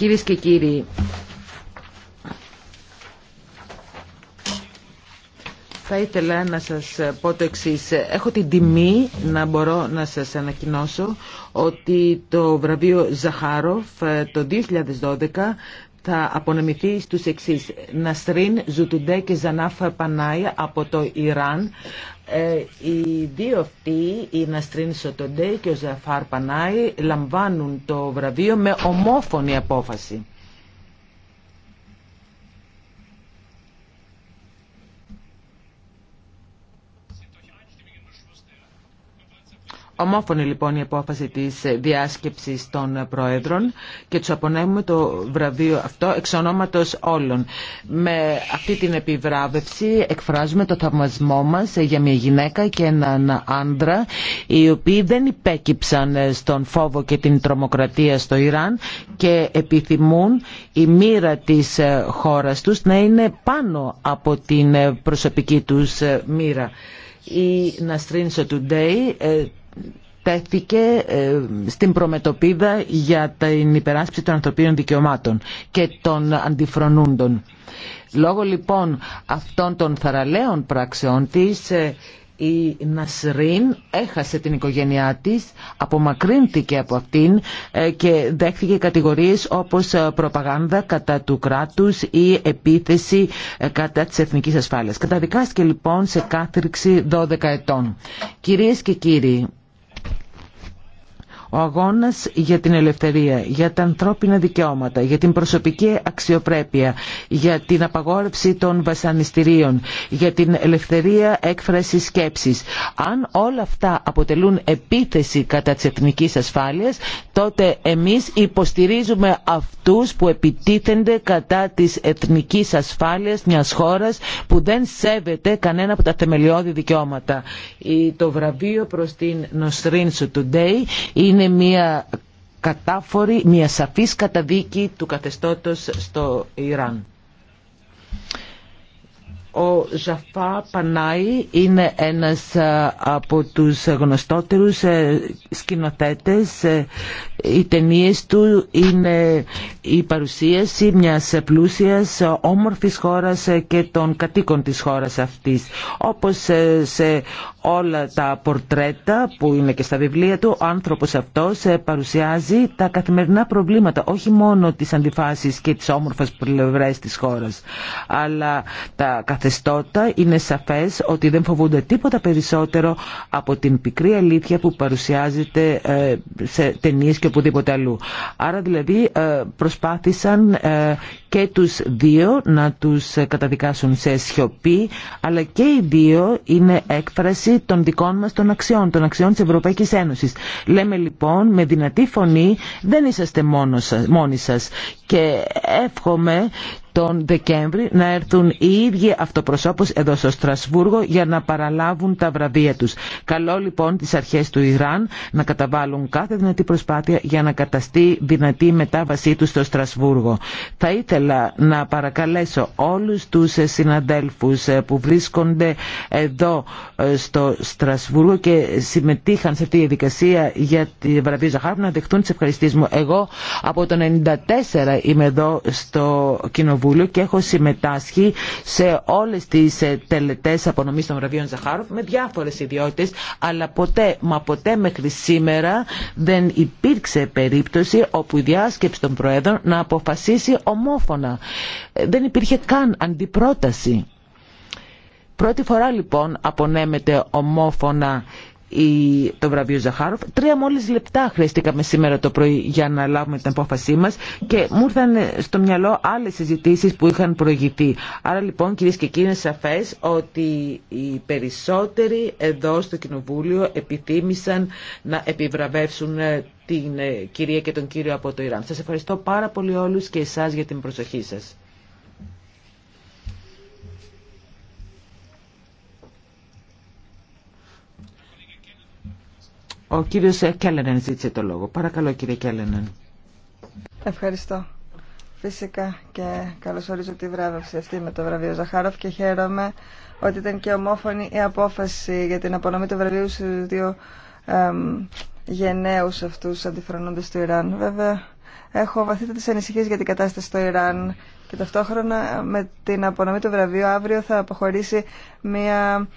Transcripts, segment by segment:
Κυρίες και κύριοι, θα ήθελα να σας πω το εξής. Έχω την τιμή να μπορώ να σας ανακοινώσω ότι το βραβείο Ζαχάροφ ε, το 2012 θα απονεμηθεί στους εξής. Ναστρίν Ζουτουντέ και Ζανάφα Πανάια από το Ιράν. Ε, οι δύο αυτοί, η Ναστρίν Σοτοντέ και ο Ζαφάρ Πανάη, λαμβάνουν το βραβείο με ομόφωνη απόφαση. Ομόφωνη λοιπόν η απόφαση της διάσκεψης των Προέδρων και τους απονέμουμε το βραβείο αυτό εξ ονόματος όλων. Με αυτή την επιβράβευση εκφράζουμε το θαυμασμό μας για μια γυναίκα και έναν άντρα οι οποίοι δεν υπέκυψαν στον φόβο και την τρομοκρατία στο Ιράν και επιθυμούν η μοίρα της χώρας τους να είναι πάνω από την προσωπική τους μοίρα. Η Ναστρίνσο Του τέθηκε ε, στην προμετοπίδα για την υπεράσπιση των ανθρωπίνων δικαιωμάτων και των αντιφρονούντων. Λόγω λοιπόν αυτών των θαραλέων πράξεών της ε, η Νασρίν έχασε την οικογένειά της, απομακρύνθηκε από αυτήν ε, και δέχθηκε κατηγορίες όπως προπαγάνδα κατά του κράτους ή επίθεση κατά της εθνικής ασφάλειας. Καταδικάστηκε λοιπόν σε κάθριξη 12 ετών. Κυρίες και κύριοι, ο αγώνας για την ελευθερία, για τα ανθρώπινα δικαιώματα, για την προσωπική αξιοπρέπεια, για την απαγόρευση των βασανιστήριων, για την ελευθερία έκφρασης σκέψης. Αν όλα αυτά αποτελούν επίθεση κατά της εθνικής ασφάλειας, τότε εμείς υποστηρίζουμε αυτούς που επιτίθενται κατά της εθνικής ασφάλειας μιας χώρας που δεν σέβεται κανένα από τα θεμελιώδη δικαιώματα. Το βραβείο προς την Νοστρίνσου Today είναι είναι μια κατάφορη, μια σαφής καταδίκη του καθεστώτος στο Ιράν. Ο Ζαφά Πανάη είναι ένας ε, από τους γνωστότερους ε, σκηνοθέτες. Ε, οι ταινίε του είναι η παρουσίαση μιας πλούσιας όμορφης χώρας και των κατοίκων της χώρας αυτής. Όπως σε όλα τα πορτρέτα που είναι και στα βιβλία του, ο άνθρωπος αυτός παρουσιάζει τα καθημερινά προβλήματα, όχι μόνο τις αντιφάσεις και τις όμορφες πλευρές της χώρας, αλλά τα καθεστώτα είναι σαφές ότι δεν φοβούνται τίποτα περισσότερο από την πικρή αλήθεια που παρουσιάζεται ε, σε ταινίες και οπουδήποτε αλλού. Άρα δηλαδή ε, προσπάθησαν ε, και τους δύο να τους καταδικάσουν σε σιωπή αλλά και οι δύο είναι έκφραση των δικών μας των αξιών, των αξιών της Ευρωπαϊκής Ένωσης. Λέμε λοιπόν με δυνατή φωνή δεν είσαστε μόνοι σας και εύχομαι τον Δεκέμβρη να έρθουν οι ίδιοι αυτοπροσώπους εδώ στο Στρασβούργο για να παραλάβουν τα βραβεία τους. Καλό λοιπόν τις αρχές του Ιράν να καταβάλουν κάθε δυνατή προσπάθεια για να καταστεί δυνατή η μετάβασή τους στο Στρασβούργο. Θα ήθελα να παρακαλέσω όλους τους συναδέλφους ε, που βρίσκονται εδώ ε, στο Στρασβούργο και συμμετείχαν σε αυτή τη διαδικασία για τη βραβεία Ζαχάρου να δεχτούν τις ευχαριστήσεις μου. Εγώ από το 1994 είμαι εδώ στο κοινοβούλιο Κοινοβούλιο και έχω συμμετάσχει σε όλες τις ε, τελετές απονομής των βραβείων Ζαχάροφ με διάφορες ιδιότητες, αλλά ποτέ, μα ποτέ μέχρι σήμερα δεν υπήρξε περίπτωση όπου η διάσκεψη των Προέδρων να αποφασίσει ομόφωνα. Ε, δεν υπήρχε καν αντιπρόταση. Πρώτη φορά λοιπόν απονέμεται ομόφωνα το βραβείο Ζαχάροφ. Τρία μόλις λεπτά χρειαστήκαμε σήμερα το πρωί για να λάβουμε την απόφασή μας και μου ήρθαν στο μυαλό άλλες συζητήσεις που είχαν προηγηθεί. Άρα λοιπόν κυρίες και κύριοι είναι σαφές ότι οι περισσότεροι εδώ στο Κοινοβούλιο επιθύμησαν να επιβραβεύσουν ε, την ε, κυρία και τον κύριο από το Ιράν. Σας ευχαριστώ πάρα πολύ όλους και εσάς για την προσοχή σας. Ο κύριος Κέλλενεν ζήτησε το λόγο. Παρακαλώ κύριε Κέλλενεν. Ευχαριστώ. Φυσικά και καλωσορίζω τη βράβευση αυτή με το βραβείο Ζαχάροφ και χαίρομαι ότι ήταν και ομόφωνη η απόφαση για την απονομή του βραβείου στους δύο εμ, γενναίους αυτούς αντιφρονώντες του Ιράν. Βέβαια, έχω βαθύτατες ανησυχίες για την κατάσταση στο Ιράν και ταυτόχρονα με την απονομή του βραβείου αύριο θα αποχωρήσει μια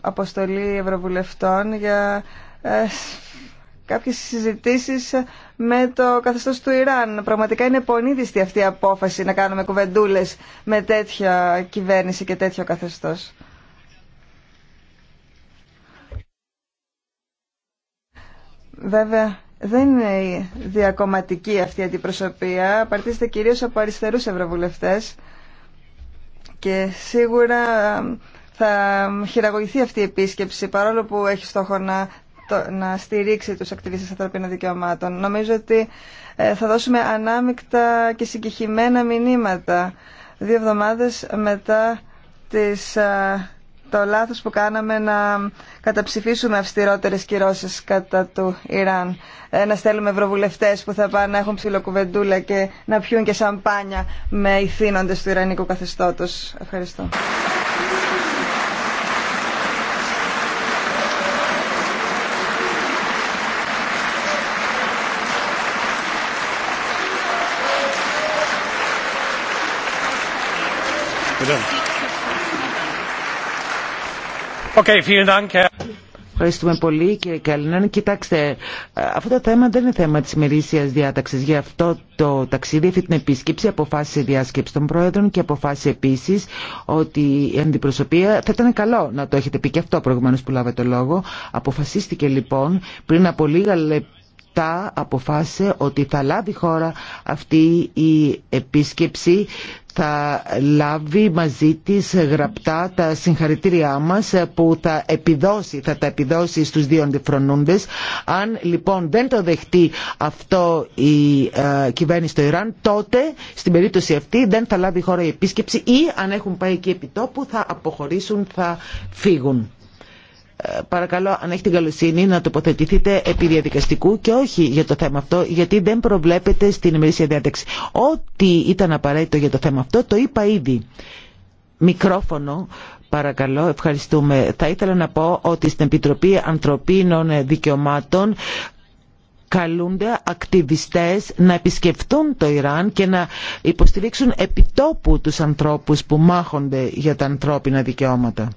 αποστολή ευρωβουλευτών για ε, κάποιες συζητήσεις με το καθεστώς του Ιράν. Πραγματικά είναι πονίδιστη αυτή η απόφαση να κάνουμε κουβεντούλες με τέτοια κυβέρνηση και τέτοιο καθεστώς. Βέβαια, δεν είναι διακομματική αυτή η αντιπροσωπεία. Απαρτίζεται κυρίως από αριστερούς ευρωβουλευτές και σίγουρα θα χειραγωγηθεί αυτή η επίσκεψη παρόλο που έχει στόχο να, να στηρίξει τους ακτιβίστες ανθρωπίνων δικαιωμάτων. Νομίζω ότι ε, θα δώσουμε ανάμεικτα και συγκεχημένα μηνύματα δύο εβδομάδες μετά τις, ε, το λάθος που κάναμε να καταψηφίσουμε αυστηρότερες κυρώσεις κατά του Ιράν. Ε, να στέλνουμε ευρωβουλευτές που θα πάνε να έχουν ψιλοκουβεντούλα και να πιούν και σαμπάνια με ηθήνοντες του Ιρανικού καθεστώτος. Ευχαριστώ. Ευχαριστούμε πολύ κύριε Καλλινάν. Κοιτάξτε, αυτό το θέμα δεν είναι θέμα της ημερήσιας διάταξης. Γι' αυτό το ταξίδι, αυτή την επίσκεψη, αποφάσισε διάσκεψη των πρόεδρων και αποφάσισε επίσης ότι η αντιπροσωπεία θα ήταν καλό να το έχετε πει και αυτό προηγουμένως που λάβετε το λόγο. Αποφασίστηκε λοιπόν πριν από λίγα λεπτά τα αποφάσισε ότι θα λάβει χώρα αυτή η επίσκεψη θα λάβει μαζί της γραπτά τα συγχαρητήριά μας που θα επιδώσει, θα τα επιδώσει στους δύο αντιφρονούντες. Αν λοιπόν δεν το δεχτεί αυτό η ε, κυβέρνηση στο Ιράν, τότε στην περίπτωση αυτή δεν θα λάβει χώρα η επίσκεψη ή αν έχουν πάει εκεί επιτόπου θα αποχωρήσουν, θα φύγουν παρακαλώ αν έχετε την καλοσύνη να τοποθετηθείτε επί διαδικαστικού και όχι για το θέμα αυτό γιατί δεν προβλέπεται στην ημερήσια διάταξη. Ό,τι ήταν απαραίτητο για το θέμα αυτό το είπα ήδη. Μικρόφωνο, παρακαλώ, ευχαριστούμε. Θα ήθελα να πω ότι στην Επιτροπή Ανθρωπίνων Δικαιωμάτων καλούνται ακτιβιστές να επισκεφτούν το Ιράν και να υποστηρίξουν επιτόπου τους ανθρώπους που μάχονται για τα ανθρώπινα δικαιώματα.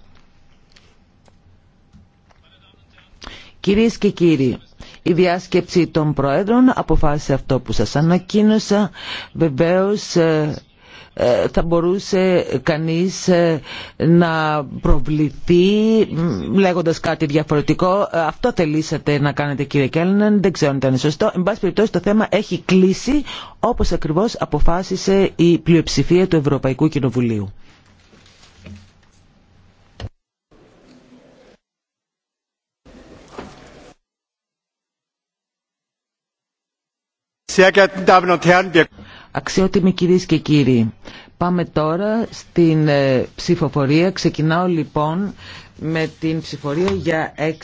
Κυρίες και κύριοι, η διάσκεψη των Προέδρων αποφάσισε αυτό που σας ανακοίνωσα. Βεβαίως ε, ε, θα μπορούσε κανείς ε, να προβληθεί λέγοντας κάτι διαφορετικό. Αυτό θελήσατε να κάνετε κύριε Κέλναν, δεν ξέρω αν ήταν σωστό. Εν πάση περιπτώσει το θέμα έχει κλείσει όπως ακριβώς αποφάσισε η πλειοψηφία του Ευρωπαϊκού Κοινοβουλίου. Αξιότιμοι κυρίες και κύριοι, πάμε τώρα στην ε, ψηφοφορία. Ξεκινάω λοιπόν με την ψηφορία για έξι.